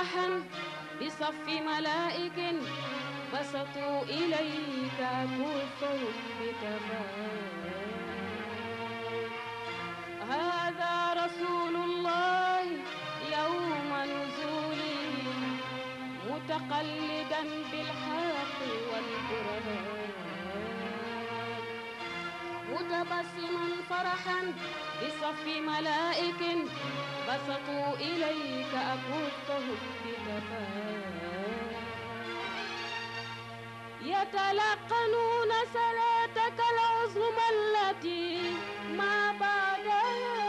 جناحا بصف ملائك بسطوا إليك كفوا بتبارك هذا رسول الله يوم نزوله متقلدا بالحق والقرآن متبسما فرحا بصف ملائك بسطوا إليك أكفهم بكفاء يتلقنون صلاتك العظمى التي ما بعدها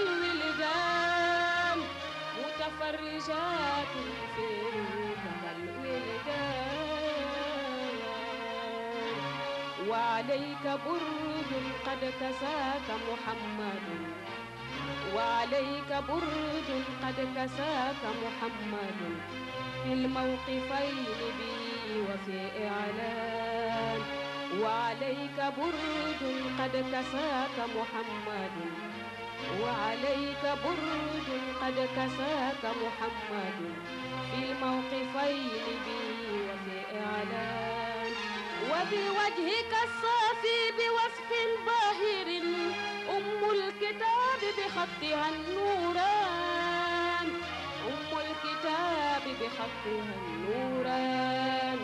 والولدان متفرجات في جمال الولدان وعليك برج قد كساك محمد وعليك برج قد كساك محمد في الموقفين بي وفي إعلان وعليك برج قد كساك محمد وعليك برج قد كساك محمد في الموقفين بي وفي إعلان وبوجهك الصافي بوصف باهر أم الكتاب بخطها النوران أم الكتاب بخطها النوران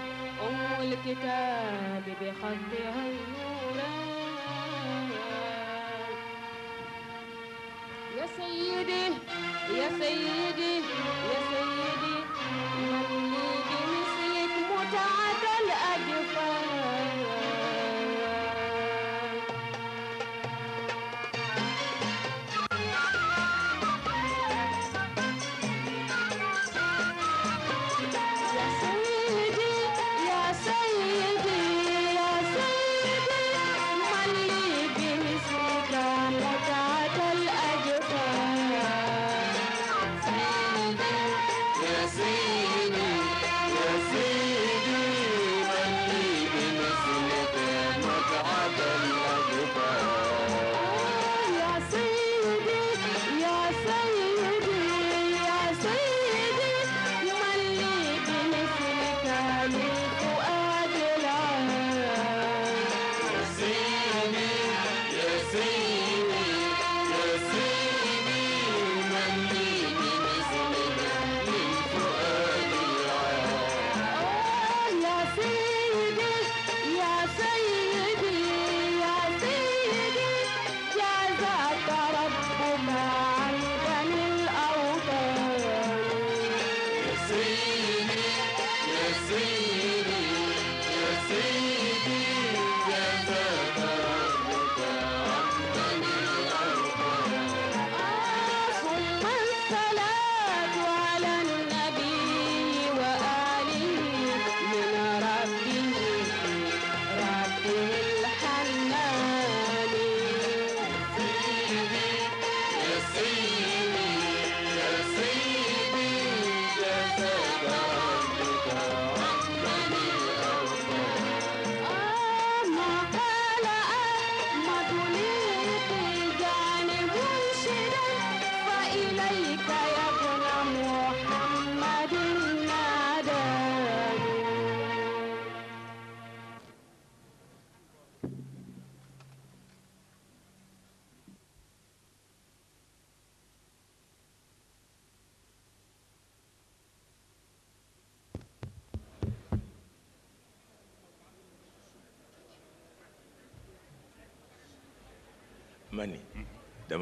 أم الكتاب بخطها النوران يا سيدي يا سيدي يا سيدي مولودي مثلك متعة الأجفان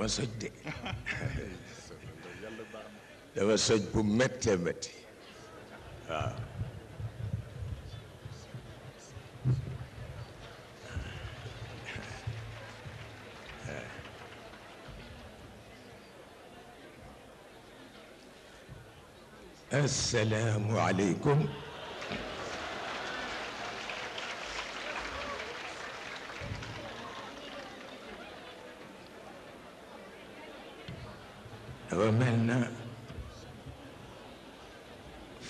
بصدق ده بصدق بمكتبتي آه. السلام عليكم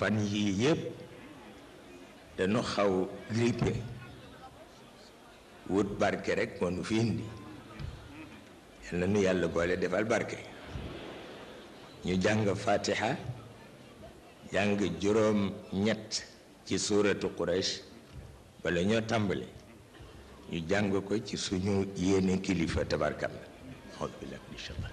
fan yii yépp dañu xaw grippé wut barke rek moo nu fi indi yal na nu yàlla boole defal barke ñu jàng fatiha jàng juróom ñett ci suuratu Quraysh bala ñoo tàmbali ñu jàng ko ci suñu yéene kilifa tabarkam la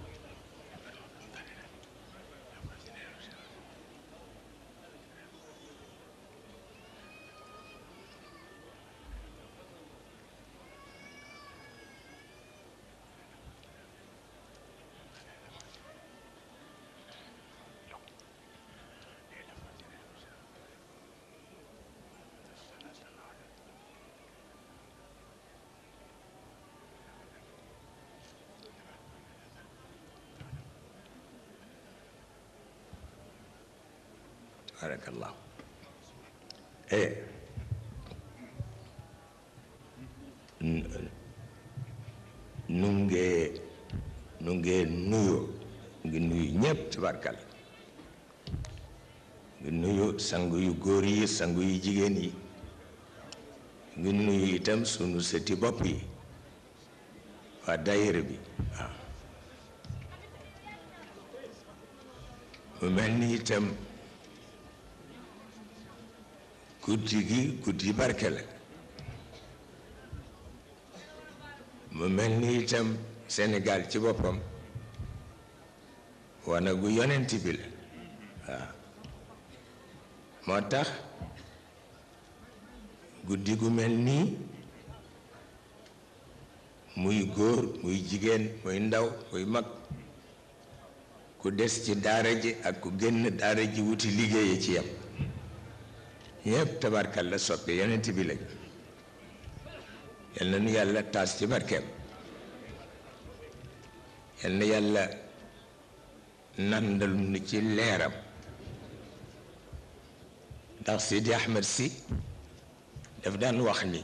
barakallahu eh nu ngee nu ngee nuyoo ngi nuyu ñëpp ngi nuyu sang yu góor yi sang yu jigéen yi ngi nuyu itam sunu seti bopp yi waa daayira bi waaw mu mel ni itam guddi gi guddi barke la mu mel ni itam Sénégal ci boppam wana gu yonent bi la waaw moo tax guddi gu mel nii muy góor muy jigéen muy ndaw muy mag ku des ci daara ji ak ku génn daara ji wuti liggéeye ci yam ñëpp tabarkal la soppe yonent bi lañ yal na nu yàlla taas ci barkeem yal na yàlla nandal nu ci leeram ndax Sidi Ahmed si daf daan wax ni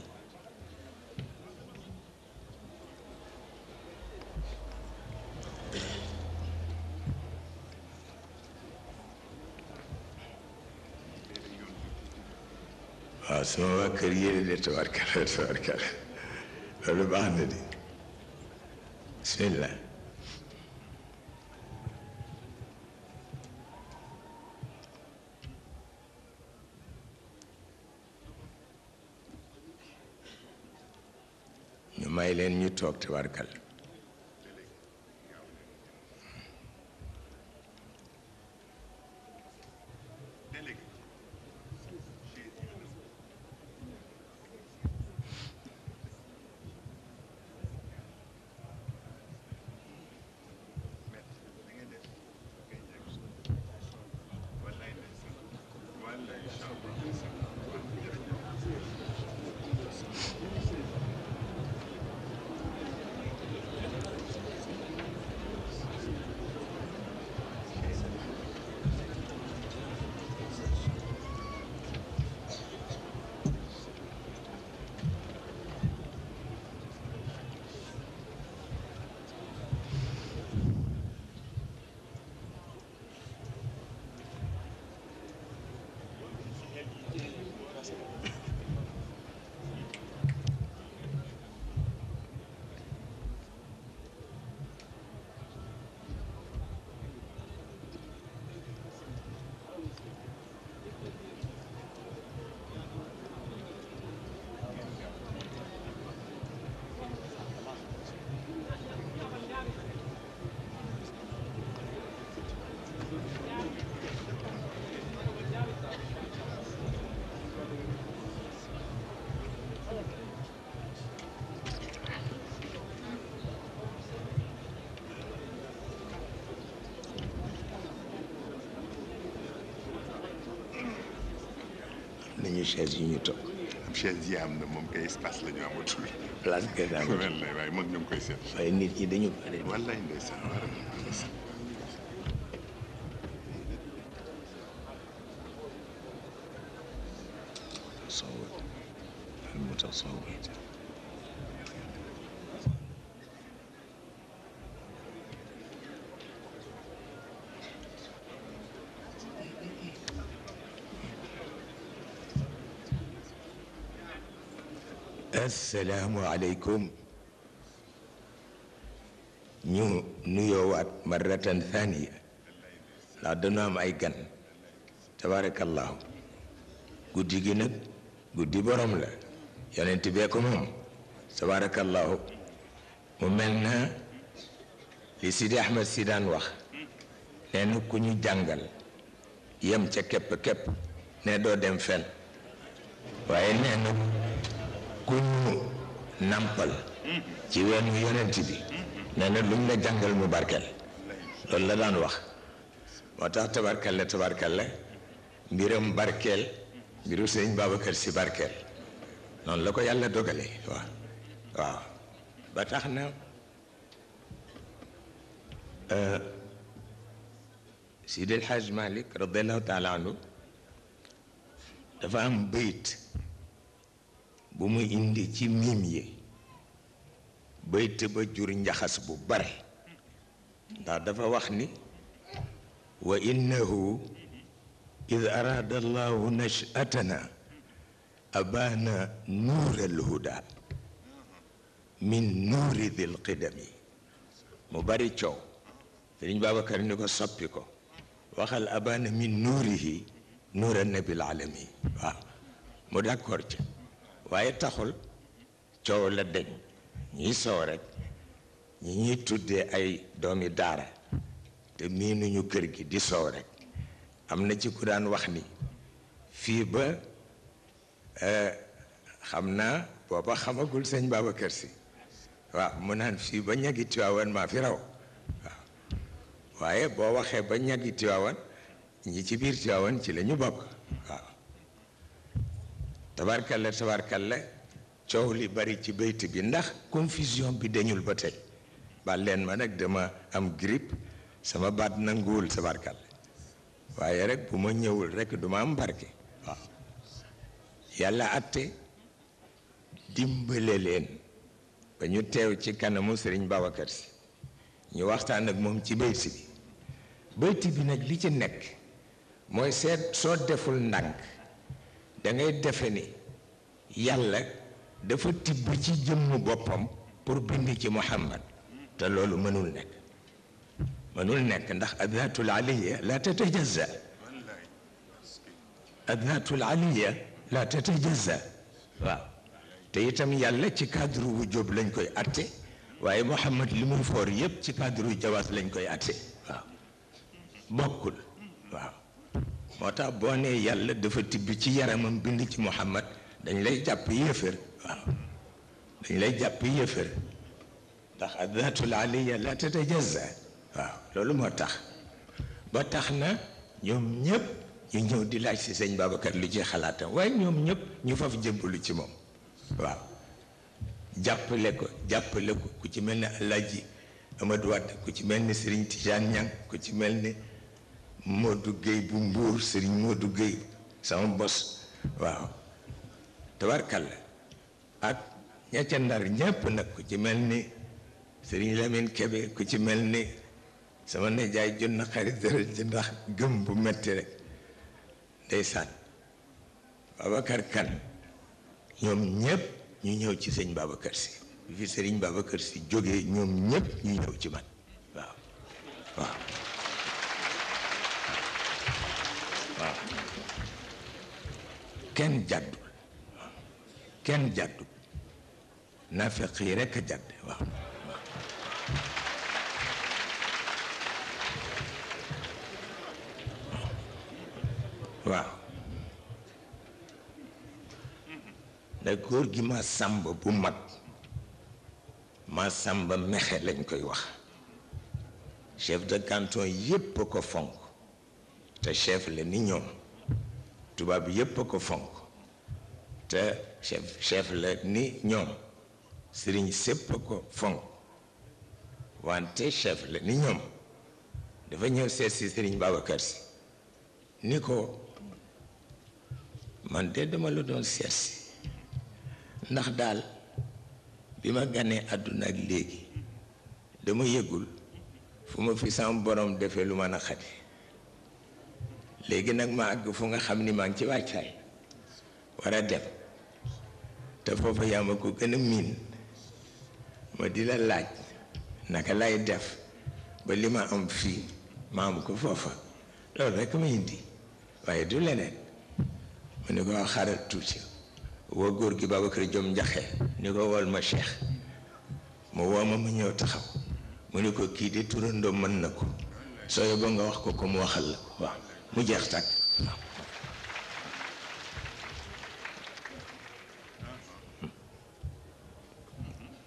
Asuma kariyeri de tuvar kara tuvar kara. Öyle bana dedi. Bismillah. ñu may leen ñu chaise yu ñu toog. chaise yi am na moom kay espace la ñu amatul. place kay amatul waaye mag ñoom koy seet. waaye nit ñi dañu. wallaahi ndeysaan asalaamualeykum ñu nuyoowaat marratan thaniya ndax dañu am ay gan tabarakallahu guddi gi nag guddi borom la yonent bee ko moom tabarakallahu mu mel na li Sidi Ahmed si daan wax nee na ku ñu jàngal yem ca képp képp ne doo dem fen waaye nee na ku ñu nàmpal ci weenu yonent bi nee lu mu la jàngal mu barkel loolu la daan wax moo tax tabarkale tabarkale mbiram barkeel mbiru sëñ Babacar si barkeel noonu la ko yàlla dogalee waaw waaw ba tax na euh, Sidi El Hadj radiallahu taala anhu dafa am bayit bu mu indi ci mim yi bay tëba jur njaxas bu bare ndax dafa wax ni wa innahu id araada allahu nashatana abaana nuural huda min nuuri dil qidami mu bari coow sëriñ Babacar ni ko soppi ko waxal abaana min nuurihi nuura nabil alami waaw mu d'accord ci waaye taxul coow la dëñ ñiy soow rek ñi ñuy tuddee ay doomi daara te miinuñu kër gi di soow rekk am na ci ku daan wax ni fii ba eh, xam naa booba xamagul sëñ Babacar Si waaw mu naan fii ba ñagi Tiwaawan maa fi raw waaw waaye boo waxee ba ñagi Tiwaawan ñi ci biir Tiwaawan ci lañu ñu bokk tabarkalla tabarkalla coow li bari ci béyt bi ndax confusion bi dañul ba tey baal leen ma nag dama am girip sama baat nanguwul tabarkalla waaye rek bu ma ñëwul rek duma am barke yàlla atte dimbale leen ba ñu teew ci kanamu Serigne Babacar Sy ñu waxtaan ak moom ci béyt bi béyt bi nag li ci nekk mooy seet soo deful ndànk dangay defe ni yàlla dafa tibb ci jëmm boppam pour bind ci muhammad te loolu mënul nekk mënul nekk ndax ak aliya la tatajaza adaatul aliya la tatajaza waaw te itam yàlla ci cadre wu jóob lañ koy atte waaye muhammad li muy foor yépp ci cadre wu jawaas lañ koy atte waaw bokkul waaw moo tax boo nee yàlla dafa tibb ci yaramam bind ci muhammad dañ lay jàpp yéefër waaw dañ lay jàpp yéefër ndax addatul aliya la tatajaza waaw loolu moo tax ba tax na ñoom ñëpp ñu ñëw di laaj si sëñ Babacar lu ci xalaatam waaye ñoom ñëpp ñu faf jëmbalu ci moom waaw jàppale ko jàppale ko ku ci mel ni Alaaji Amadou Wade ku ci mel ni Serigne Tidiane Niang ku ci mel ni Modou Gueye bu Mbour Serigne Modou Gueye sama bos waaw tabarkalla ak ña ca ndar ñépp nag ku ci mel ni Serigne Lamine Kebe ku ci mel ni sama nejaay junn xarit dërëj ji ndax gëm bu metti rek ndeysaan Babacar Kan ñoom ñépp ñu ñëw ci sëñ Babacar Si bi fi Serigne Babacar Si ñoom ñépp ñu ñëw ci man waaw waaw waaw kenn jàddul kenn jàddul naafeq yi rekk a jàdd waaw waaw da góor gi ma sàmba bu mag ma sàmba mexe lañ koy wax chef de canton yépp a ko fonk te chef la ni ñoom tubaab yépp a ko fonk te chef chef la ni ñoom sëriñ sépp a ko fonk wante chef la ni ñoom dafa ñëw seet si sëriñ Babacar si ni ko man de dama la doon seet si ndax daal bi ma ganee àdduna ak léegi dama yëgul fu ma fi sama borom defee lu mën a xati léegi nag ma àgg fu nga xam ni maa ngi ci wàccaay war a dem te foofa yaa ma ko gën miin ma di la laaj naka lay def ba li ma am fii ma ko foofa loolu rekk ma indi waaye du leneen mu ni ko xaaral tuuti woo góor gi Babacar Jom Njaxe ni ko wol ma Cheikh mu woo mu ñëw taxaw mu ni ko kii de turandoo mën na ko sooy ba nga wax ko ko mu waxal la ko mu jeex tàkk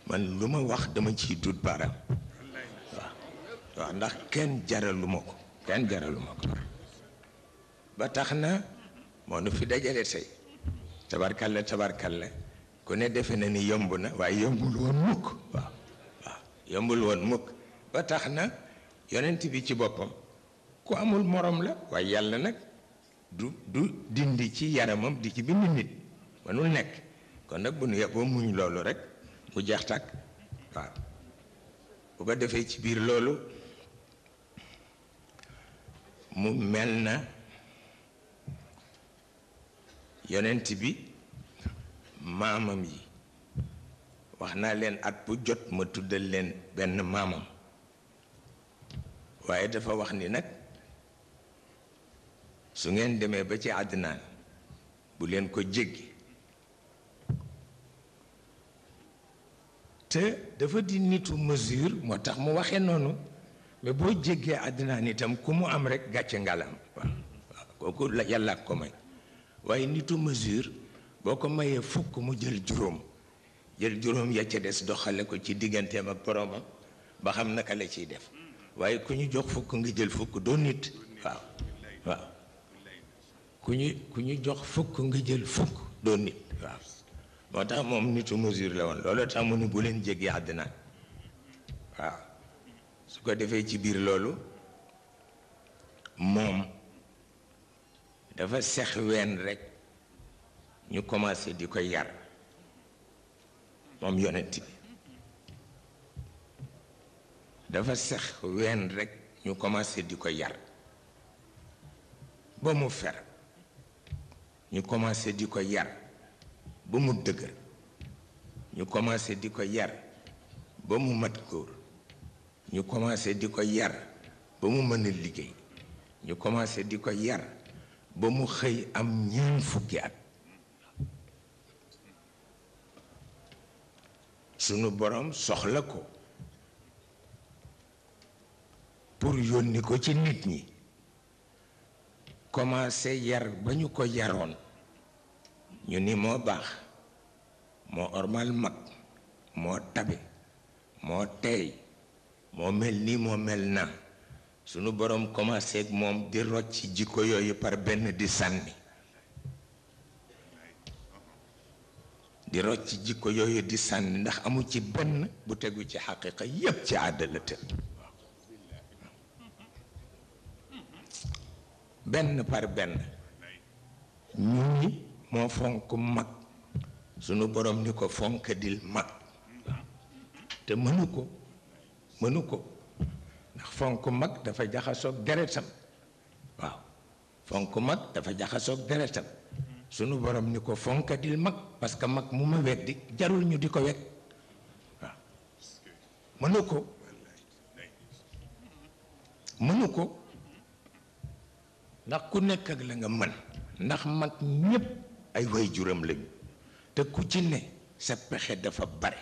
man lu ma wax dama ciy dut baaraam waaw waaw ndax kenn jaraluma ko kenn jaralu ko ba tax na moo nu fi dajale tey tabarkalla tabarkalla ku ne defe na ni yomb na waaye yombul woon mukk waaw waaw yombul woon mukk ba tax na yonent bi ci boppam ku amul morom la waaye yàlla nag du du ci yaramam di ci bind nit mënul nekk kon nag bu nu yeboo muñ loolu rekk mu jeex tàkk waaw bu ko defee ci biir loolu mu mel na yonent bi maamam yi wax naa leen at bu jot ma tuddal leen benn maamam waaye dafa wax ni nag su ngeen demee ba ci àddinaan bu leen ko jéggi te dafa di nitu mesure moo tax mu waxee noonu mais boo jéggee àddinaan itam ku mu am rekk gàcce ngalam waaw kooku la ko may waaye nitu mesure boo ko mayee fukk mu jël juróom jël juróom ya ca des doxale ko ci digganteem ak boroomam ba xam naka la ciy def waaye ku ñu jox fukk nga jël fukk doo nit waaw waaw ku ñu ku ñu jox fukk nga jël fukk doon nit waaw moo tax moom nitu mesure la woon loolu tax mu bu leen jegee àddina waaw su ko defee ci biir loolu moom dafa sex ween rekk ñu commencé di ko yar moom yonent dafa sex ween rekk ñu commencé di ko yar ba mu fer ñu commencé di ko yar ba mu dëgër ñu commencé di ko yar ba mu mat góor ñu commencé di ko yar ba mu mën a liggéey ñu commencé di ko yar ba mu xëy am ñeent fukki at sunu borom soxla ko pour yónni ko ci nit ñi commencé yar ba ñu ko yaroon ñu ni moo baax moo ormal mag moo tabe moo teey moo mel nii moo mel na sunu boroom commencé moom di rocc ci jikko yooyu par benn di sànni di rocc jikko yooyu di sànni ndax amu ci benn bu tegu ci xaqiqa yépp ci àddala tël benn par benn ñu ni moo fonk mag sunu borom ni ko fonkadil mag te mënu ko mënu ko ndax fonk mag dafa jaxasoog deretam waaw fonk mag dafa jaxasoog deretam sunu borom ni ko fonk fonkadil mag parce que mag mu ma weddi jarul ñu di ko wet waaw mënu ko mënu ko ndax ku nekk ak la nga mën ndax mag ñépp ay waajuram lañu te ku ci ne sa pexe dafa bare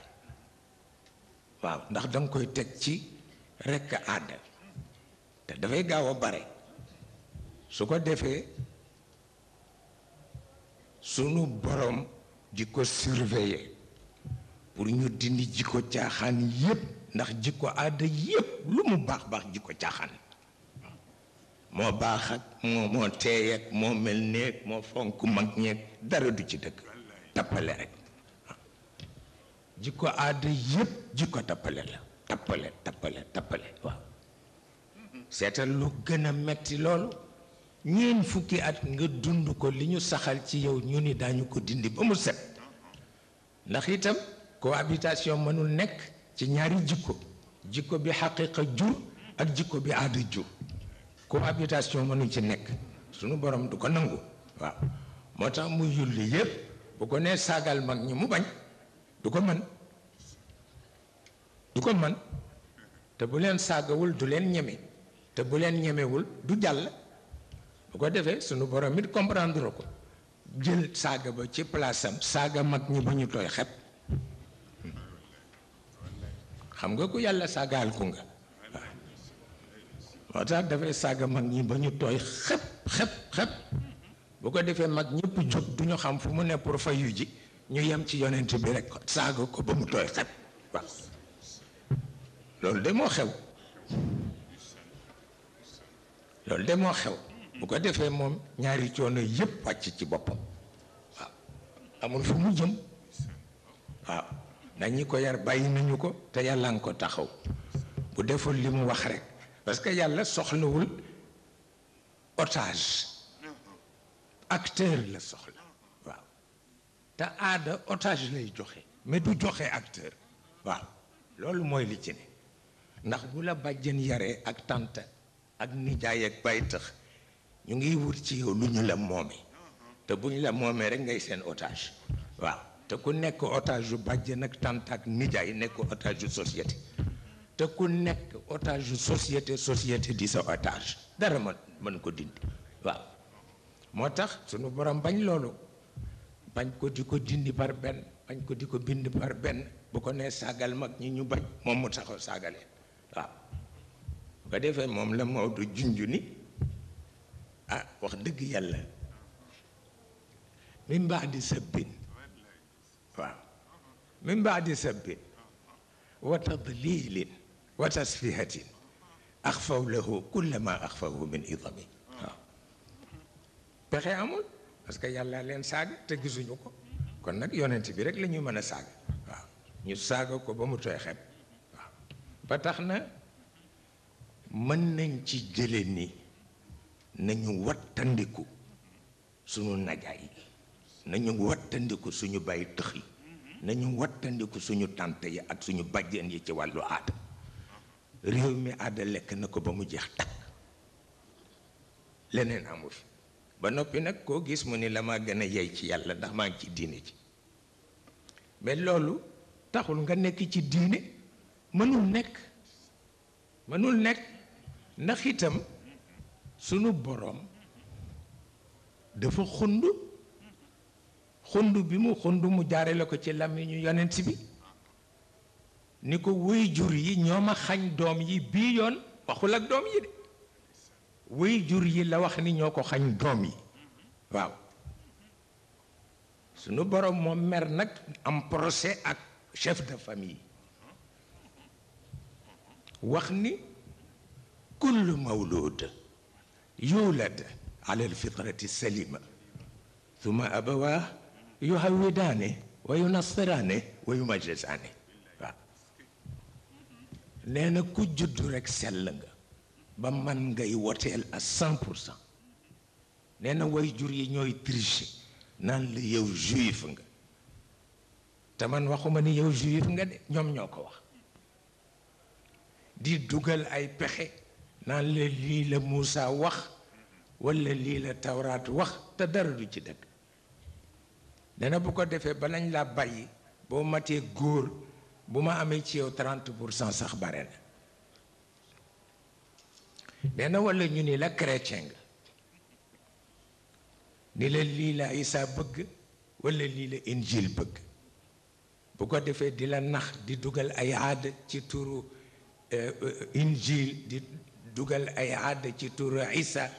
waaw ndax danga koy teg ci rekk aada te dafay gaaw a bare su ko defee sunu borom ji ko surveiller pour ñu dindi jikko caaxaan yépp ndax ko aada yépp lu mu baax baax ko caaxaan moo baax ak moo moo teey moo mel néeg moo fonk mag ñeeg dara du ci dëkk tappale rek jikko aada yépp jikko tappale la tappale tappale tappale waaw seetal lu gën a metti lool ñeen fukki at nga dund ko li ñu saxal ci yow ñu ni daañu ko dindi ba mu set ndax itam cohabitation mënul nekk ci ñaari jikko jikko bi xaqiqa jur ak jikko bi aada jur cohabitation mënu ci nek sunu borom du ko nangu wa motax mu yulli yépp bu ko ne sagal mak ñi mu bañ du ko man du ko man te bu len sagawul du len ñeme te bu leen ñemewul du jall bu ko defee sunu borom mit comprendre ko jël saga ba ci place am saga mak ñi ba toy xep xam nga ku yalla sagal ko nga moo tax dafay saaga mag ñi ba ñu tooy xëpp xëpp xëpp bu ko defee mag ñëpp jóg du ñu xam fu mu ne pour fa yu ji ñu yem ci yonent bi rek saaga ko ba mu tooy xëpp waaw loolu de moo xew loolu de moo xew bu ko defee moom ñaari coono yëpp wàcc ci boppam waaw amul fu mu jëm waaw ñi ko yar bàyyi nañu ko te yàlla nga ko taxaw bu deful li mu wax rek. parce que yàlla soxlawul otage acteur la soxla waaw te aada otage lay joxe mais du joxe acteur waaw loolu mooy li ne ndax bu la bàjjen yaree ak tante ak nijaay ak bay ñu ngiy wut ci yow lu ñu la moomee te bu ñu la moomee rek ngay seen otage waaw te ku nekk otage yu bàjjen ak tante ak nijaay nekk otage yu société te ku nekk otage société société di sa otage dara man je ko dindi waaw moo sunu borom bañ loolu bañ ko di dindi par benn bañ ko di bind par benn bu ko nee mag ñi ñu bañ moom mu taxaw ko defee moom la ah wax dëgg wa wa tasfihatin axfaw lahu kulla ma axfawu min idami waaw pexe amul parce que yàlla leen saaga te gisuñu ko kon nag yonent bi rek lañuy mën a saaga waaw ñu saaga ko ba mu tooy xeb waaw ba tax na mën nañ ci jële ni nañu wattandiku suñu najaay yi nañu wattandiku suñu bàyyi tëx yi nañu wattandiku suñu tànt yi ak suñu bàjjen yi ci wàllu aada réew mi aada lekk na ko ba mu jeex takk leneen amu fi ba noppi nag koo gis mu ni la maa gën a yey ci yàlla ndax maa ngi ci diine ji mais loolu taxul nga nekk ci diine mënul nekk mënul nekk ndax itam sunu boroom dafa xund xund bi mu xund mu jaare la ko ci làmmiñu yonent bi niko ko jur yi ñoma xagn dom yi bi yon waxul ak dom yi de jur yi la wax ni ñoko xagn dom yi waaw sunu borom moom mer nak am procès ak chef de famille wax ni kullu mawlud yulad على الفطرة السليمة ثم أبواه يهودانه وينصرانه ويمجزانه nee na ku juddu rekk sell nga ba man ngay woteel à cent pour cent nee na way jur yi ñooy tricher naan la yow juif nga te man waxuma ni yow juif nga de ñoom ñoo ko wax di dugal ay pexe naan la lii la Moussa wax walla lii la Tawraat wax te dara du ci dëgg nee bu ko defee ba lañ laa bàyyi boo matee góor buma amé ci yow 30 sax bare na nee wala ñu ni la chrétien nga ni la li la isa bëgg wala li la injil bëgg bu ko défé di la nax di duggal ay aad ci turu injil di duggal ay aad ci turu isa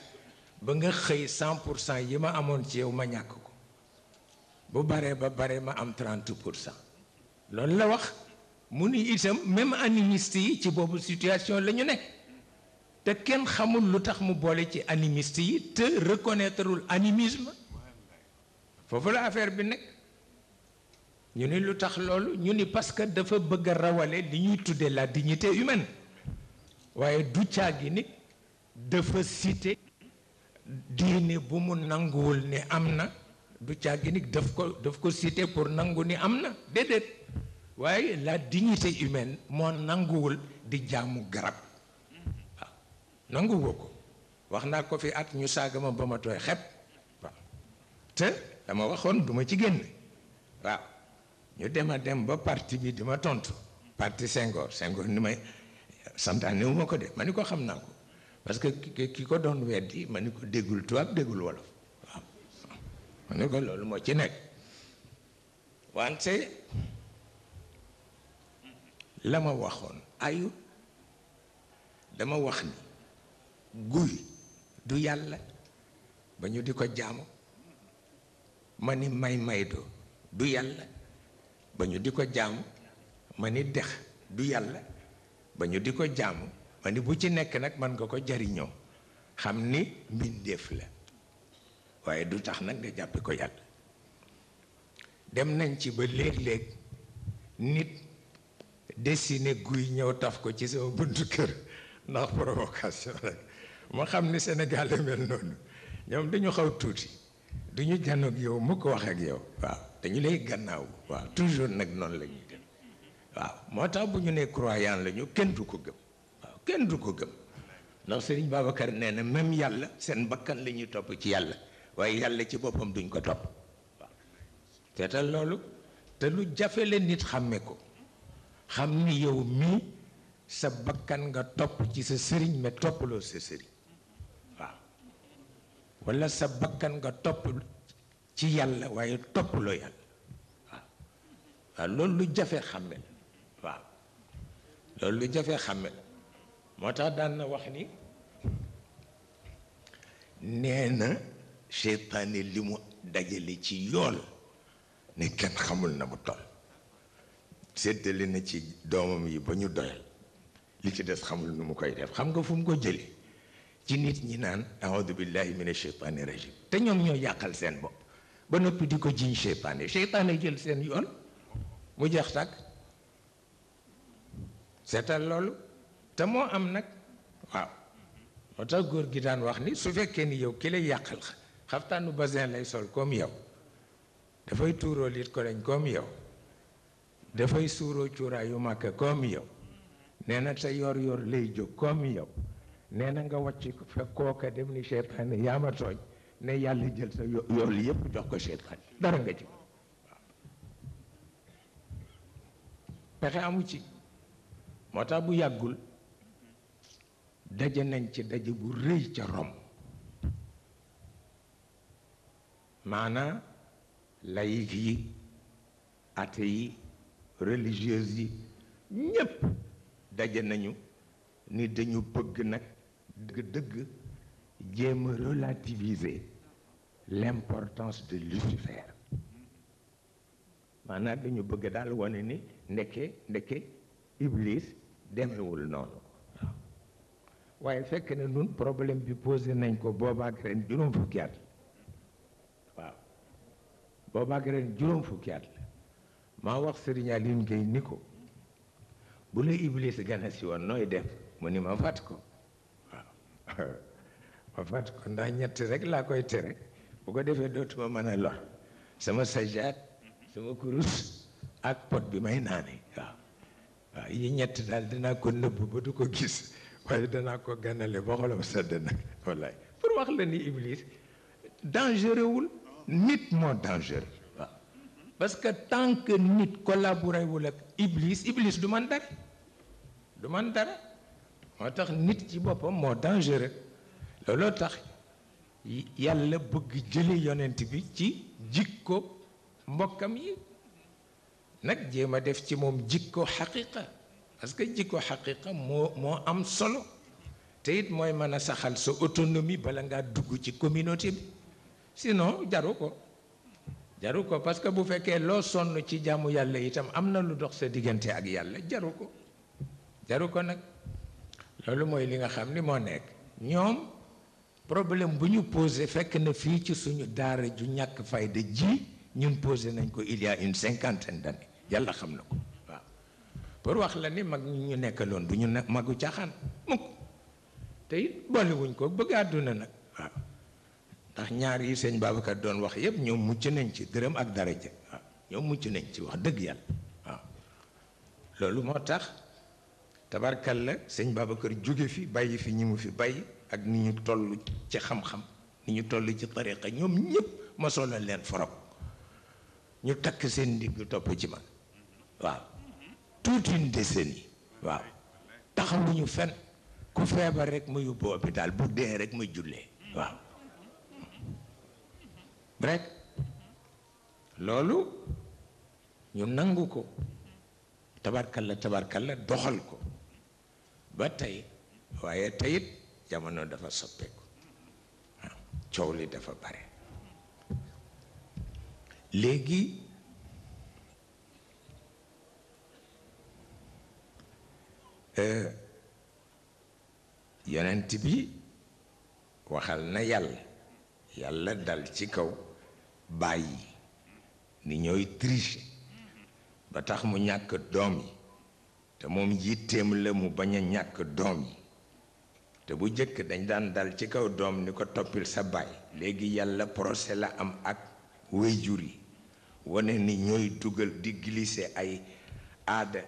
ba nga xëy 100 yima cent ci yow ma ñàkk ko bu bare ba bare ma am 30 pour la wax mu ni itam même animiste yi ci boobu situation la ñu nekk te kenn xamul lu tax mu boole ci animiste yi te reconnaîtreul animisme foofu la affaire bi nekk ñu ni lu tax loolu ñu ni parce que dafa bëgg a rawale li ñuy tuddee la dignité humaine waaye du caagi nit dafa cité diine bu mu nanguwul ni am na du caagi nit daf ko daf ko cité pour nangu ni am na déedéet waaye la dignité humaine moo nanguwul di jaamu garab waaw nanguwoo ko wax naa ko fi ak ñu saaga ma ba ma tooy xepp te dama waxoon duma ci génn waaw ñu dem a dem ba parti bi di ma tontu parti Senghor Senghor ni may santaane wu ma ko de ma ni ko xam naa ko parce que ki ko doon weddi ma ni ko déggul tubaab déggul wolof waaw ma ni ko loolu moo ci nekk wante la ma waxoon ayut dama wax ni guy du yàlla ba ñu di ko jaamu ma ni may maydo du yàlla ba di ko jaamu ma dex du yàlla ba ñu di ko jaamu ma ni bu ci nekk nag man nga ko jariñoo xam ni mbindéef la waaye du tax nag nga jàppe ko yàlla dem nañ ci ba léeg-léeg nit dessiné guy ñëw taf ko ci sama buntu kër ndax provocation rek ma xam ne Sénégal mel noonu ñoom dañu xaw tuuti du ñu janoog yow mu ko wax ak yow waaw dañu lay gannaaw waaw toujours nag noonu la ñuy waaw moo tax bu ñu nee croyant la kenn du ko gëm waaw kenn du ko gëm ndax Serigne Babacar nee na même yàlla seen bakkan la ñuy topp ci yàlla waaye yàlla ci boppam duñ ko topp waaw loolu te lu jafe la nit xàmme ko xam ni yow mii sa bakkan nga topp ci sa sëriñ mais toppaloo sa sëriñ waaw walla sa bakkan nga topp ci yàlla waaye toppaloo yàlla waaw waaw loolu lu jafe xàmme la waaw loolu lu jafe xàmme la moo tax daan na wax ni nee na seytaane li mu dajale ci yool ne kenn xamul na mu toll séddale na ci doomam yi ba ñu doyal li ci des xamul nu mu koy def xam nga fu mu ko jëlee ci nit ñi naan aoudu billahi min asheytaani rajim te ñoom ñoo yàqal seen bopp ba noppi di ko jiñ seytaane seytaane jël seen yoon mu jeex tàkk seetal loolu te moo am nag waaw moo tax góor gi daan wax ni su fekkee ni yow ki lay yàqal xaftaanu basin lay sol comme yow dafay tuuroo lit ko lañ comme yow dafay suuroo cuuraayu màkk comme yow nee na te yor yor lay jóg comme yow nee nga wàcc fa kooka dem ni seytaane yaa ma tooñ ne yàlla jël sa yor yépp jox ko seytaane dara nga ci pexe amu ci moo tax bu yàggul daje nañ ci daje bu rëy ca Rome maanaa layif yi ate yi religieuse yi ñépp daje nañu ni dañu bëgg nag dëgg-dëgg jéem a relativiser l'importance de Lucifer maanaam dañu bëgg daal wane ni ndekke ndekke Iblis demewul noonu waaye fekk na nun problème bi posé nañ ko boobaak ren juróom fukki at waaw boobaak ren juróom fukki at maa wax Serigne Alioune Gueye ni ko bu la Iblis si woon nooy def mu ni ma fàtt ko waaw ma fàtt ko ndax ñett rek laa koy tere bu ko defee dootuma mën a lor sama sajaat sama kurus ak pot bi may naane waaw waaw yi ñett daal dinaa ko nëbb ba du ko gis waaye danaa ko ganale ba xolam sedd nag wallaay pour wax la ni Iblis dangereux nit moo dangereux parce que tant que nit collaboré wul ak iblis iblis du man dara du man dara moo tax nit ci boppam moo dangereux looloo tax yàlla bëgg jële yonent bi ci jikko mbokkam yi nag jéem a def ci moom jikko xaqiqa parce que jikko xaqiqa moo moo am solo te it mooy mën a saxal sa autonomie bala ngaa dugg ci communauté bi sinon jaru ko jaru ko parce que bu fekkee loo sonn ci jaamu yàlla itam am na lu dox sa diggante ak yàlla jaru ko jaru ko nag loolu mooy li nga xam ni moo nekk ñoom problème bu ñu posé fekk na fii ci suñu daara ju ñàkk fayda ji ñun posé nañ ko il y a une cinquantaine yàlla xam na ko waaw pour wax la ni mag ñu nekkaloon du ñu ne magu caaxaan mukk te it boolewuñ ko bëgg àdduna nag waaw ndax ñaar yi sëñ Babacar doon wax yépp ñoom mucc nañ ci dërëm ak daraja waaw ñoom mucc nañ ci wax dëgg yàlla waaw loolu moo tax tabarkal la sëñ Babacar jóge fi bàyyi fi ñi mu fi bàyyi ak ni ñu toll ci xam-xam ni ñu toll ci tariqa ñoom ñépp ma solal leen forog ñu takk seen ndigg topp ci man waaw toute une décennie waaw taxawuñu fen ku feebar rek ma yóbbu hôpital bu dee rek ma jullee waaw rek loolu ñu nangu ko tabarkalla la doxal ko ba tey waaye teyit jamono dafa soppeeku waaw ah, coow li dafa bare léegi euh, yonent bi waxal na yàlla yàlla dal ci kaw bàyyi ni ñooy tricher ba tax mu ñàkk doom yi te moom yitteem la mu bañ a ñàkk doom yi te bu jëkk dañ daan dal ci kaw doom ni ko toppil sa baay léegi yàlla procès la am ak wéyjur yi wane ni ñooy dugal di glisser ay aada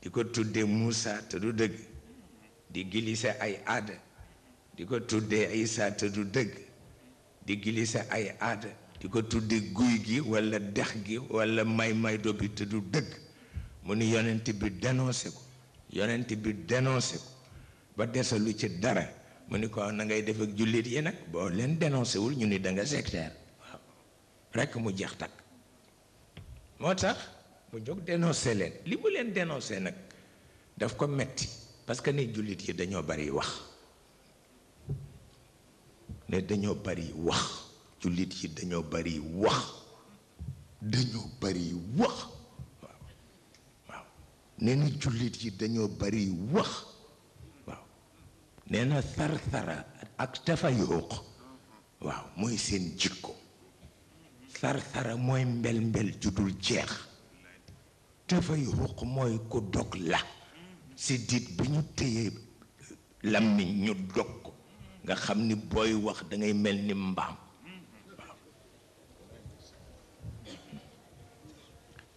di ko tuddee Moussa te du dëgg di glisser ay aada di ko tuddee Issa te du dëgg di glisser ay aada di ko tudde guy gi walla dex gi walla may may do bi te dëgg mu ni yonent bi dénoncé ko yonent bi dénoncé ko ba desalu ci dara mu ni ko na ngay def ak jullit yi nag boo leen dénoncé wul ñu ni danga nga sectaire waaw rekk mu jeex takk moo tax mu jóg dénoncé leen li mu leen dénoncé nag daf ko metti parce que ne jullit yi dañoo bari wax ne dañoo bari wax jullit yi dañoo bari wax dañoo bari wax waaw nee na yi dañoo bari wax waaw nee na sarsara ak tafayuq waaw mooy seen jikko sarsara mooy mbel mbel ju dul jeex tafayuq mooy ku dog la si dit bi ñu téyee lammiñ ñu dog ko nga xam ni booy wax dangay mel ni mbaam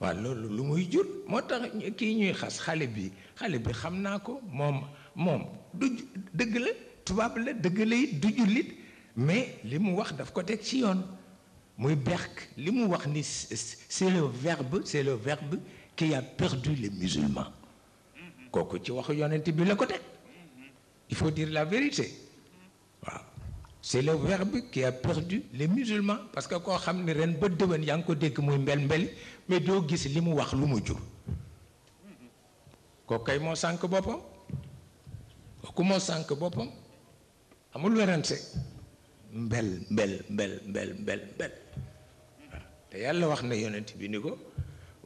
waaw loolu lu muy jur moo tax kii ñuy xas xale bi xale bi xam naa ko moom moom du dëgg la tubaab la dëgg la it du jullit mais li mu wax daf ko teg ci yoon muy berk li mu wax ni c'est le verbe c'est le verbe qui a perdu les musulmans mm-hmm. kooku ci waxu yonent bi la ko teg il faut dire la vérité waaw c'est le verbe qui a perdu les musulmans parce que les ne ren les déwén en ko mais doo qu'ils li wax mbel mbel mbel mbel mbel te wax na yonent bi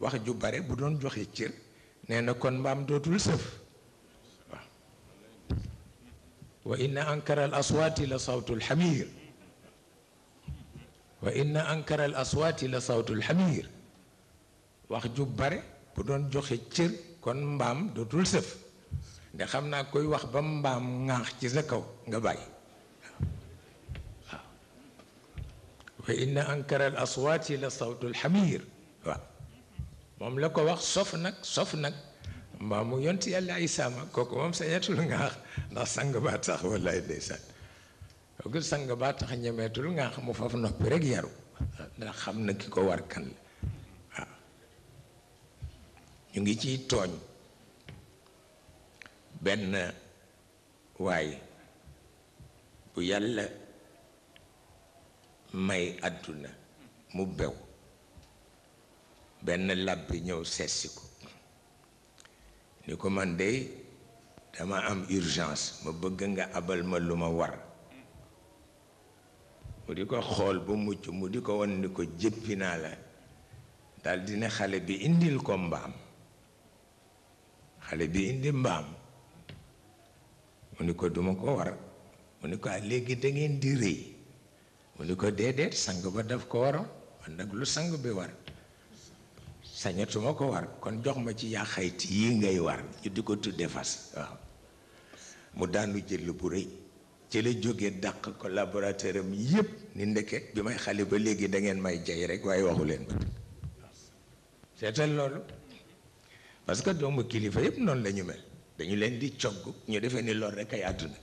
wax ju bare وإن أنكر الأصوات لصوت الحمير وإن أنكر الأصوات لصوت الحمير وخجو باري بدون جو خيتشير كون بام دو تلسف ده خمنا كوي وخ بام نخ جزكو نباي وإن أنكر الأصوات لصوت الحمير مملكة وخ صفنك صفنك mbaamu yont yàlla ay saama kooku moom sañatul ngaax ndax sang baa tax wallaay ndeysaan kooku sang baa tax ñemeetul ngaax mu faf noppi rek yaru ndax xam na ki ko war kan la ñu ngi ciy tooñ benn waay bu yàlla may àdduna mu bew benn lab bi ñëw seesi ko ni ko man de dama am urgence ma bëgg nga abal ma lu ma war mu di ko xool ba mucc mu di ko wan ni ko jëppi naa la daldi ne xale bi indil ko mbaam xale bi indi mbaam mu ni ko duma ko war mu ni ko a ah, léegi da ngeen di rëy mu ni ko déedéet sang ba daf ko waroon man nag lu sang bi war sañatuma ko war kon jox ma ci yaxayti yi ngay war ñu di ko tudde fas waaw mu daanu jël bu rëy ci la jóge dàq collaborateur am yépp ni ndeke bi may xale ba léegi da ngeen may jay rek waaye waxu leen ba seetal loolu parce que doomu kilifa yépp noonu lañu mel dañu leen di cogg ñu defee ni lool rek ay àdduna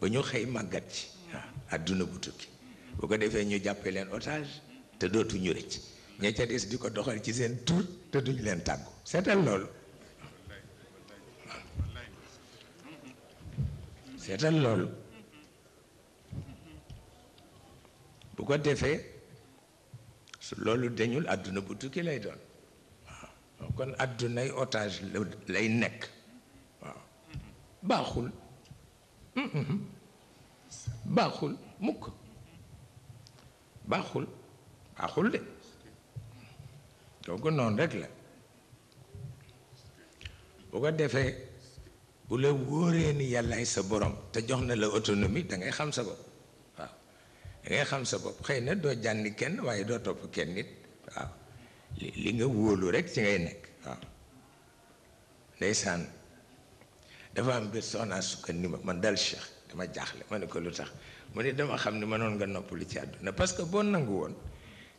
ba ñu xëy màggat ci waaw àdduna bu tukki bu ko defee ñu jàppee leen otage te dootu ñu rëcc c'est ca des c'est doxal ci seen tur te duñ leen tàggu seetal loolu seetal loolu bu ko defee loolu donné àdduna bu tukki lay doon waaw kon otage lay nekk waaw baaxul baaxul donc noonu rek la bu ko defee bu la wóoree ni yàllaay sa borom te jox na la autonomie da ngay xam sa bopp waaw da ngay xam sa bopp xëy na doo jànni kenn waaye doo topp kenn nit waaw li nga wóolu rek ci ngay nekk waaw ndeysaan dafa am biir soxnaa sukka ni ma man dal Cheikh dama jaaxle ma ne ko lu tax mu ne dama xam ne mënoon nga nopp noppalu ci àdduna parce que boo nangu woon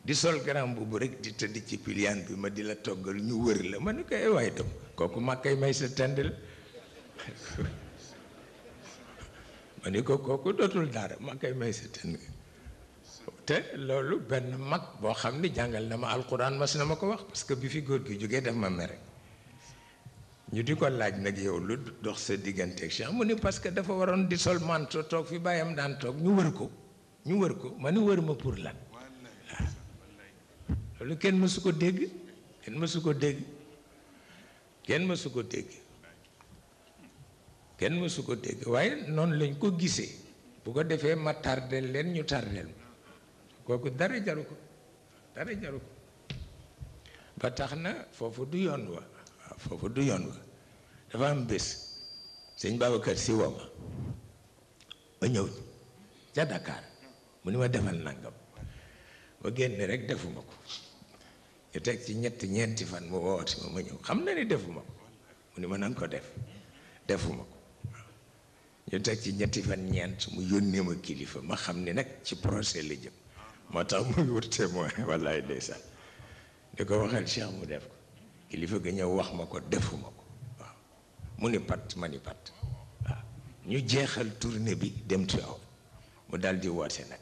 di sol garam bu rek di tedd ci pilian bi ma di la toggal ñu wër la man kay way dem koku ma kay may sa tendel man ko koku dotul dara ma kay may sa tendel te lolu benn mak bo xamni jangal na ma alquran mas na ma ko wax parce que bi fi góor gi joge def ma mere ñu di ko laaj nak yow lu dox sa cheikh mu ni parce que dafa waron di sol manto tok fi bayam dan tok ñu wër ko ñu wër ko man wër ma pour lan loolu kenn mësu ko dégg kenn mësu ko dégg kenn mësu ko dégg kenn waaye noonu lañ ko gisee bu ko defee ma tardel leen ñu tardel ma kooku dara jaru ko ba tax na foofu du yoon wa foofu du yoon wa dafa am bés sëñ Babacar si woo ma ma ñëw ca Dakar mu ni ma defal nangam ma génn rek defuma ko ñu teg ci ñetti ñeenti fan mu wooti ma ñëw xam na ni defuma ko mu ni ma nan ko def defuma ko ñu teg ci ñetti fan ñeent mu yónnee ma kilifa ma xam ni nag ci procès la jëm moo tax muy wut témoin wallaay ndeysaan di ko waxal Cheikh mu def ko kilifa gi ñëw wax ma ko defuma ko waaw mu ni pat ma ni pat ñu jeexal tournée bi dem ci Tiwaawan mu daal di woote nag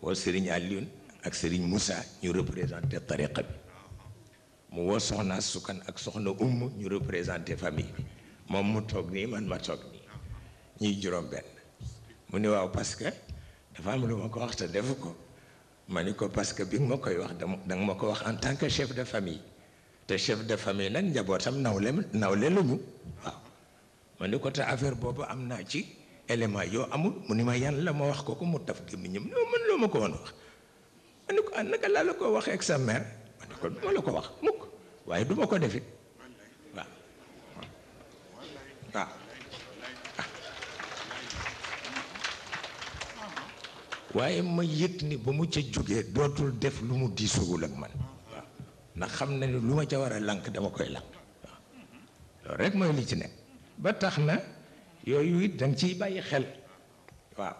woo sëriñ Alioune ak sëriñ Moussa ñu représenté tariqa bi mu woo soxna sukkan ak soxna umm ñu représenté famille moom mu toog nii man ma toog nii ñuy juróom benn mu ne waaw parce que dafa am lu ma ko wax te defu ko ma ni ko parce que bi nga ma koy wax danga ma ko wax en tant que chef de famille te chef de famille nag njabootam nawle nawle la ñu waaw ma ni ko te affaire boobu am naa ci élément yoo amul mu ni ma yan la ma wax ko mu taf gémmiñam noo mën loo ma ko wax ma ni ko ah, naka laa la ko waxee ak sa mère kon du ma la ko wax mukk waaye duma ma ko defit waaw waaw ah. waaye ma yëg ni ba mu ca jógee dootul def lu mu diisuwul ak man waaw ndax xam na ni lu ma ca war a lank dama koy lank waaw loolu ci nekk ba tax na yooyu it danga ciy bàyyi xel waaw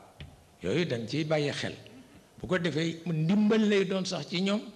yooyu danga ciy bàyyi xel bu ko defee ndimbal lay doon sax ci ñoom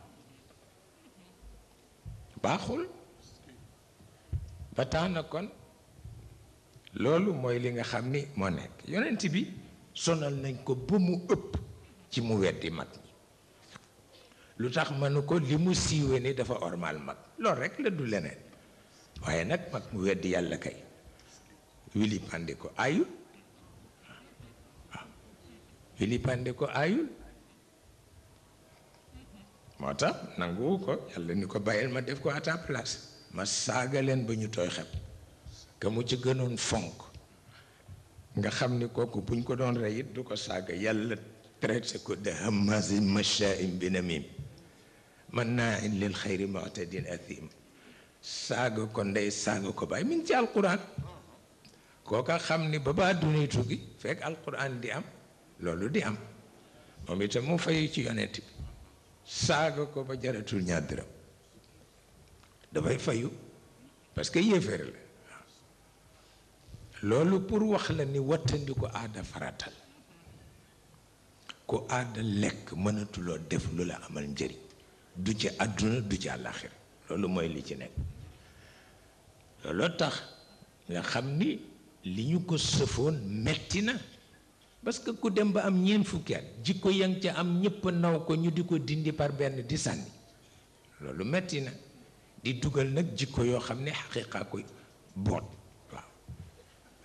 baaxul ba tax na kon loolu mooy li nga xam ni moo nekk yonent bi sonal nañ ko ba mu ëpp ci mu weddi mag lu tax mënu ko li mu siiwee ni dafa ormal mag loolu rekk la du leneen waaye nag mag mu weddi yàlla kay wili pande ko aayul ah. ah. wili pande ko aayul mata tax ko yàlla ni ko bàyyil ma def ko à ta place ma sagalen leen toy xeb mu ci gënon fonk nga xamni koku buñ ko don reyit du ko yàlla traité ko de hamazin mashaim bi namim man in lil khair mu'tadin athim sago ko ndey saaga ko bay min ci alquran koka xamni ni ba baa dunay tukki alquran di am lolou di am momi te mo fay ci yonent bi saaga ko ba jaratul ñaar dërëm dafay fayu parce que yéeféer la loolu pour wax la ni wattandi ko aada faratal ku aada lekk mënatuloo def lu la amal njëriñ du ci àdduna du ci àllaaxir loolu mooy li ci nekk looloo tax nga xam ni li ñu ko sëfoon metti na parce que ku dem ba am ñeen fukki at jikko ya ci am ñepp naw ko ñu di dindi par ben di sanni lolu metti na di dugal nak jikko yo xamne haqiqa ko bot waaw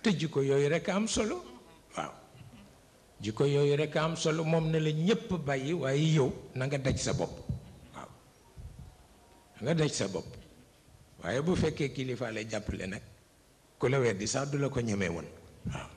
te jikko yoy rek am solo waaw jikko yoy rek am solo mom na la ñepp bayyi waye yow na nga daj sa bop waaw nga daj sa bop waye bu fekke kilifa lay jappale nak ku la wedd sa du la ko won waaw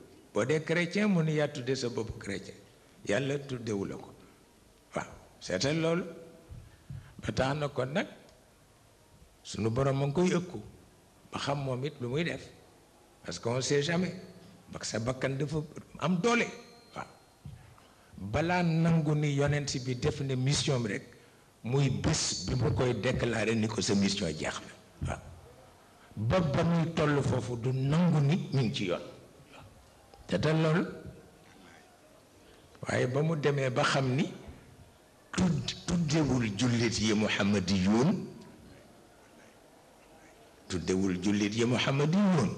boo dee chrétien mu ne yaa tudde sa bopp chrétien yàlla tuddewu la ko waaw seetal loolu ba tax na ko nag sunu borom ma ngi koy ëkku ba xam moom it lu muy def parce que on sait jamais ba sa bakkan dafa am doole waaw balaa nangu ni yonent bi def ne mission bi rek muy bés bi mu koy déclarer ni ko sa mission jeex na waaw ba ba muy toll foofu du nangu ni ñu ngi ci yoon te dal lool waaye ba mu demee ba xam ni tudd tuddewul jullit yi muhammadi yoon tuddewul jullit yi muhammadi yoon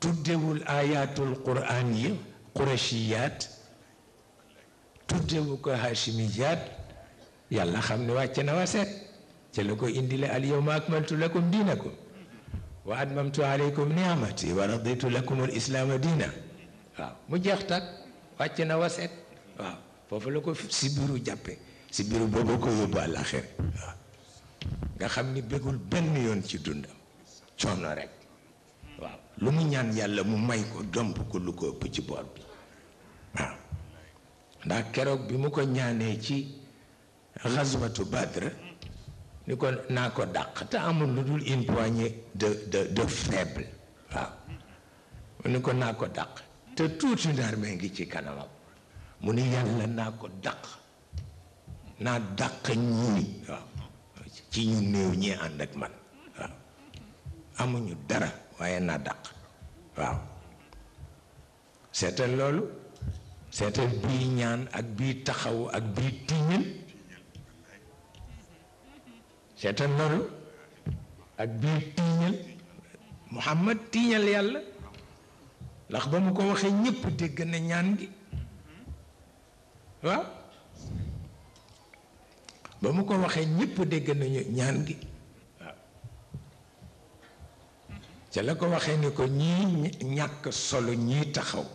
tuddewul ayatul quraan yi qurashiyaat tuddewu ko hashimiyaat yàlla xam ne wàcc na waseet ca la ko indile al yawma akmaltu lakum diinakum wa atmamtu alaykum niamati wa raditu lakum al islaama diina waaw mu jeex takk wàcc na waset waaw foofu la ko si biiru jàppe si biiru booba ko yóbbu àllaaxira waaw nga xam ni bégul benn yoon ci dundam coono rek waaw lu mu ñaan yàlla mu may ko domb ko lu ko ëpp ci boor bi waaw ndax keroog bi mu ko ñaanee ci xaswatu badr ni ko naa ko dàq te amul lu dul une poignée de de faible waaw ni ko naa ko dàq te tuuti ndaar mee ngi ci kanamam mu ni yàlla naa ko dàq naa dàq ñii waaw ci ñu néew ñi ànd ak man amuñu dara waaye naa dàq waaw seetal loolu seetal bii ñaan ak bii taxaw ak bii tiñal seetal loolu ak bii tiñal Muhammad tiñal yàlla ndax ba mu ko waxee ñépp dégg na ñaan gi waaw ba mu ko waxee ñépp dégg nañu ñaan gi waaw ca la ko waxee ni ko ñii ñàkk solo ñii taxaw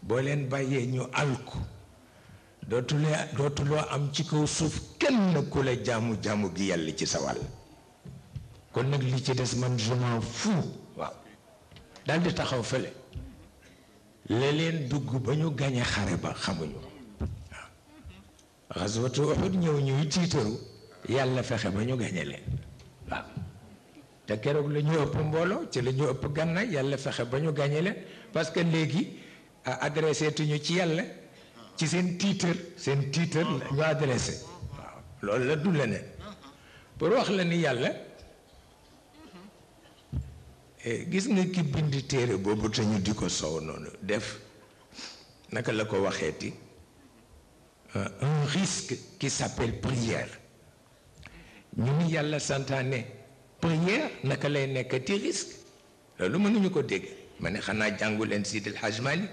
boo leen bàyyee ñu alku dootulee dootuloo am ci kaw suuf kenn ku la jaamu jaamu gi yàlla ci sa wàll kon nag li ci des man je m'en fous waaw daal di taxaw fële la leen dugg ba ñu gañe xare ba xamuñu waaw xaswatu Uhud ñëw ñuy tiitaru yàlla fexe ba ñu gañe leen waaw te keroog la ñu ëpp mbooloo ci la ñu ëpp ganna yàlla fexe ba ñu gañe leen parce que léegi adressé tuñu ci yàlla ci seen tiitar seen tiitar ñu adressé waaw la du leneen pour wax la ni yàlla Eh, gis nga ki bind téere boobu te ñu di ko soow noonu def naka la ko waxeeti euh, un risque qui s'appelle prière ñu ni yàlla santaane prière naka lay ti risque loolu mënuñu ko dégg ma ne xanaa jàngu leen Sidil Hadj Malick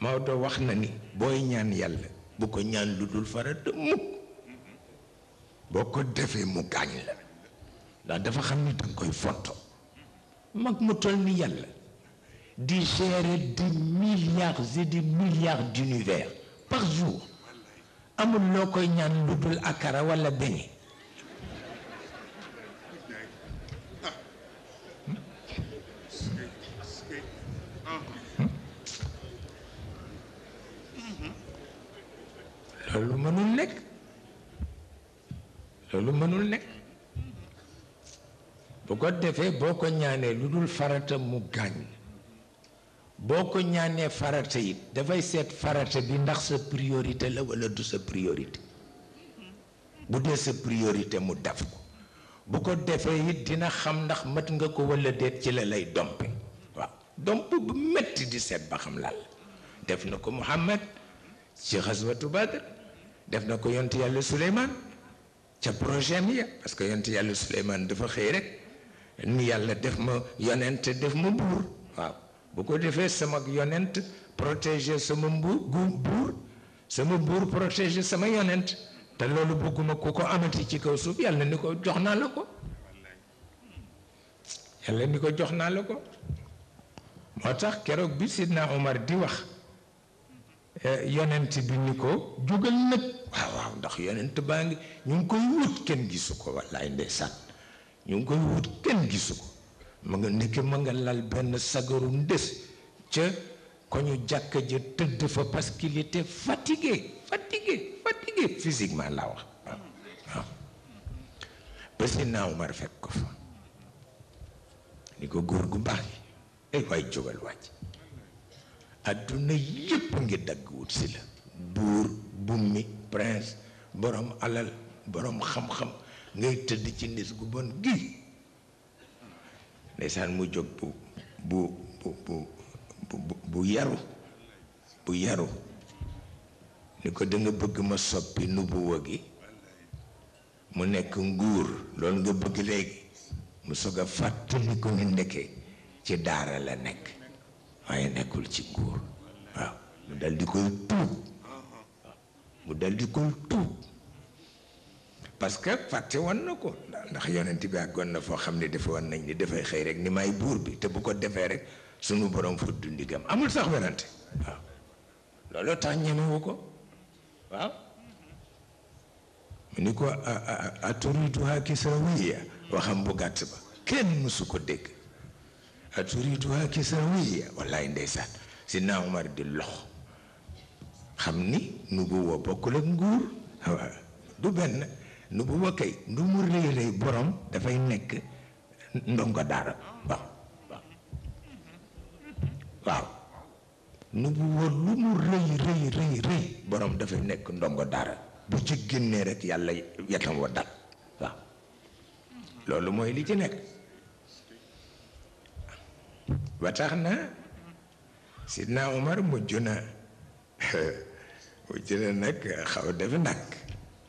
Maodo wax na ni booy ñaan yàlla bu ko ñaan lu dul farata mukk boo ko defee mu gaañ la ndax dafa xam ni danga koy fonto mag mu toll ni yàlla di gérer des milliards et des milliards d'univers par jour amul loo koy ñaan lu dul akara wala beñe loolu mënul nekk loolu mënul nekk bu ko defee boo ko ñaanee lu dul farata mu gaañ boo ko ñaanee farata it dafay seet farata bi ndax sa priorité la wala du sa priorité bu dee sa priorité mu def ko bu ko defee it dina xam ndax mat nga ko wala déet ci la lay dompe waaw domp bu metti di seet ba xam lan la def na ko Muhammad ci xaswatu Badr def na ko yontu yàlla Suleymaan ca projet mi ya parce que yontu yàlla Suleymaan dafa xëy rek yàlla def ma yonent def ma buur waaw bu ko defee sama yonent protéger sama mbu buur sama buur protéger sama yonent te loolu bëgguma ku ko amati ci kaw suuf yàlla ni ko jox naa la ko yàlla ni ko jox naa la ko moo tax keroog bi Sidna Omar di wax eh, yonent bi ni ko jógal nag waaw waaw ndax yonent baa ngi ñu ngi koy wut kenn gisu ko wallaay ndeysaan ñu ngi koy wut kenn gisu ko ma nga ndeke ma nga lal benn sagaru ndës ca ko ñu jàkk ja tëdd fa parce qu'il était fatigué fatigué fatigué laa wax waaw ba si ko fa ni ko góor gu baax gi ay waay jógal wàcc adduna yépp ngi dagg wut si la buur bummi prince borom alal borom xam-xam ngay tëdd ci nis gu bon gi ndeysaan mu jóg bu bu bu bu bu yaru bu yaru ni ko danga bëgg ma soppi nubuwa gi mu nekk nguur loolu nga bëgg léegi mu sog a fàttali ko ni ndekke ci daara la nekk waaye nekkul ci nguur waaw mu dal koy tuub mu dal koy tuub parce que fàtte woon na ko ndax yonent bi àggoon na foo xam ne dafa woon nañ ni dafay xëy rek ni maay buur bi te bu ko defee rek sunu borom fu dundi gam amul sax werante waaw looloo tax ñemewu ko waaw ni ko aturiduha kisrawiya waxam bu gàtt ba kenn mësu ko dégg aturiduha kisrawiya wallaay ndeysaan si naa Umar di lox xam ni nubuwa bokkul ak nguur du benn nu bu ba kay nu mu rëy rëy borom dafay nekk ndongo daara waaw waaw nu lu mu rëy rëy rëy borom dafay nekk ndongo daara bu ci génnee rek yàlla yatam wa dal waaw loolu mooy li ci nekk ba na Sidna Omar mu na mujj na nag xaw def nag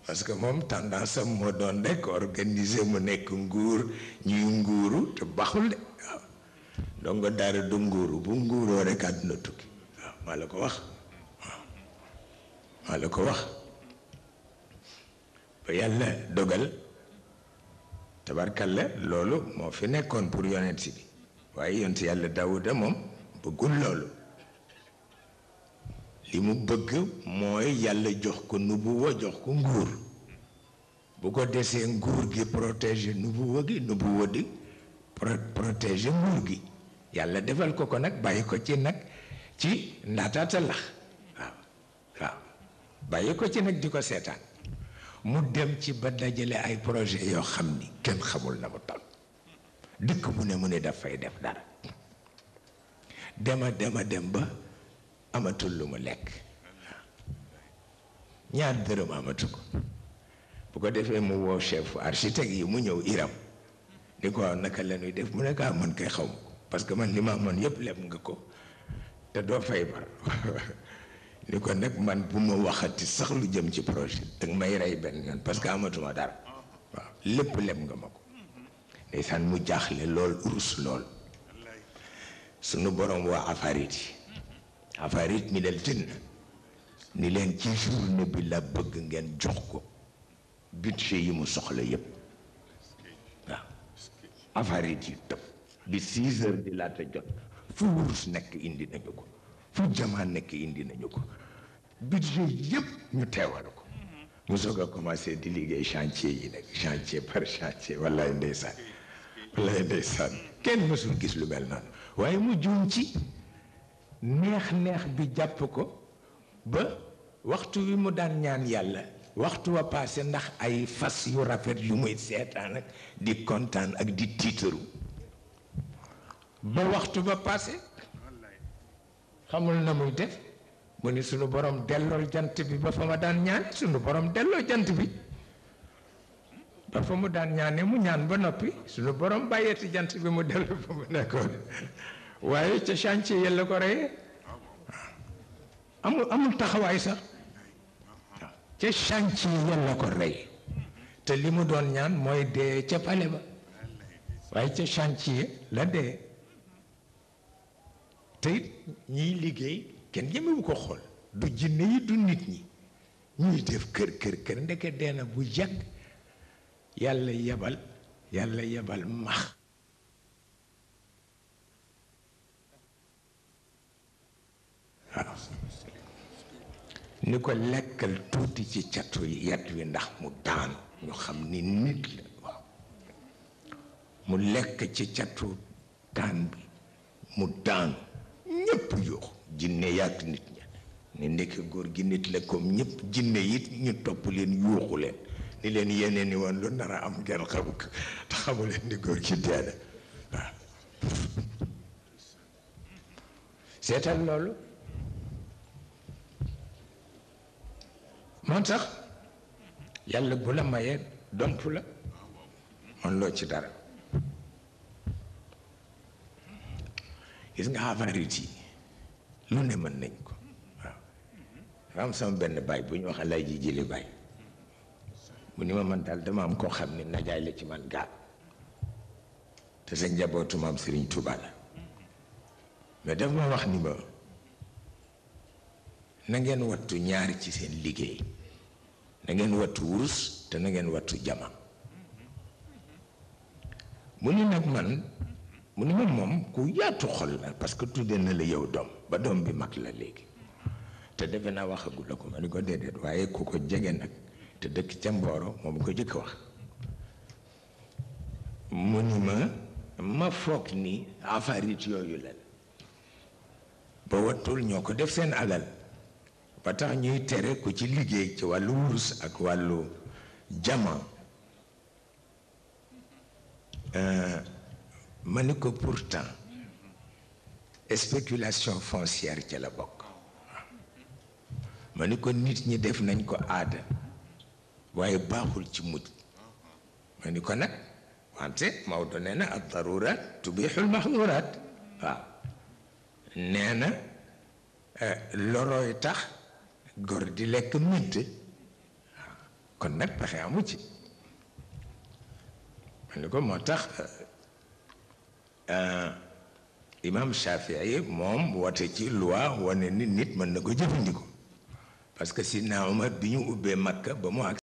parce que moom tendance am moo doon rek organiser mu nekk nguur ñuy nguuru te baaxul de waaw donc du nguuru bu nguuroo rek àdduna tukki waaw maa la ko wax waaw maa la ko wax ba yàlla barkal tabarkalla loolu moo fi nekkoon pour yonent si bi waaye yonent yàlla Daawuda moom bëggul loolu li mu bëgg mooy yàlla jox ko nubuwa jox ko nguur bu ko desee nguur gi protéger nubuwa gi nubuwa di protéger nguur gi yàlla defal ko ko nag bàyyi ko ci nag ci ndaataata lax waaw bàyyi ko ci nag di ko seetaan mu dem ci ba dajale ay projet yoo xam ni kenn xamul na mu toll dëkk mu ne mu ne dafay def dara dema dema dem ba amatul lu mu lekk ñaar dërëm amatu ko bu ko defee mu woo chef architecte yi mu ñëw iram ni ko naka la ñuy def mu ne kaa man kay xaw ma ko parce que man li ma amoon yëpp leb nga ko te doo fay bar ni ko nag man bu ma waxati sax lu jëm ci projet danga may rey benn yoon parce que amatuma dara waaw lépp leb nga ma ko mu jaaxle lool urus lol sunu borom wa afariti afarit minal jënn ni leen ci journée bi la bëgg ngeen jox ko budget yi mu soxla yépp waaw afarit yi tëb bi six heures di laata jot fu wurus nekk indi nañu ko fu jamaan nekk indi nañu ko budget yépp ñu teewal ko mu soog a commencé di liggéey chantier yi nag chantier par chantier wallaay ndeysaan wallaay ndeysaan kenn mësul gis lu mel noonu waaye mu juum ci neex-neex bi jàpp ko ba waxtu wi mu daan ñaan yàlla waxtu wa paase ndax ay fas yu rafet yu muy seetaan ak di kontaan ak di tiitaru ba waxtu ba paase xamul na muy def mu ni sunu borom jant bi ba borom delloo jant bi ba fa mu daan ñaane mu ñaan ba noppi sunu borom bàyyeeti jant bi mu delloo fa mu nekkoon waaye ca chantier yàlla ko reye amul amul taxawaay sax waaw ca chantier la ko reye te li mu doon ñaan mooy dee ca pale ba waaye ca chantier la dee te ñiy liggéey kenn ñemewu ko xool du jinne yi du nit ñi ñuy def kër kër kër ndeke dee na bu yàgg yàlla yebal yàlla yebal max waaw ni ko lekkal tuuti ci catu yat wi ndax mu daanu ñu xam ni nit la waaw mu lekk ci catu taan bi mu daanu ñépp yooxu jinne yàgg nit ña ni ndekk góor gi nit la comme ñépp jinne it ñu topp leen yuuxu leen ni leen yeneen ni woon lu nar a am ngeen xamu ko te xamu ni góor gi dee waaw seetal loolu moo tax yàlla bu la mayee dontu la man loo ci dara gis nga avariit yi lu ne mën nañ ko waaw am sama benn baay bu ñu wax lay ji jëli baay mu ni ma man daal dama am koo xam ni najaay la ci man gaal te sa njabootu maam Sëriñ Tuubaa la mais daf ma wax ni ma na ngeen wattu ñaari ci seen liggéey na ngeen wattu wurus te na ngeen wattu jama mu ni nag man mu ni man moom ku yaatu xol la parce que tudde na la yow doom ba doom bi mag la léegi te defe naa waxagu la ko ma ni ko déedéet waaye ku ko jege nag te dëkk ca mbooro moom ko jëkk wax mu ni ma ma foog ni affaire yooyu la ba wattul ñoo ko def seen alal ba tax ñuy tere ku ci liggéey ci wàllu wurus ak wàllu jama euh, ma ni ko pourtant spéculation foncière ci la bokk ma ni ko nit ñi def nañ ko aada waaye baaxul ci mujj ma ni ko nag wante Maodo nee na ad darurat tubixul mahdurat waaw nee na euh, lorooy tax góor di lekk midd waaw kon nag pexe amu ci ma ni ko moo tax euh, euh, imam Shafii moom woote ci loi wane ni nit mën na ko jëfandikoo parce que si naa Umar bi ñu ubbee Makka ba mu ak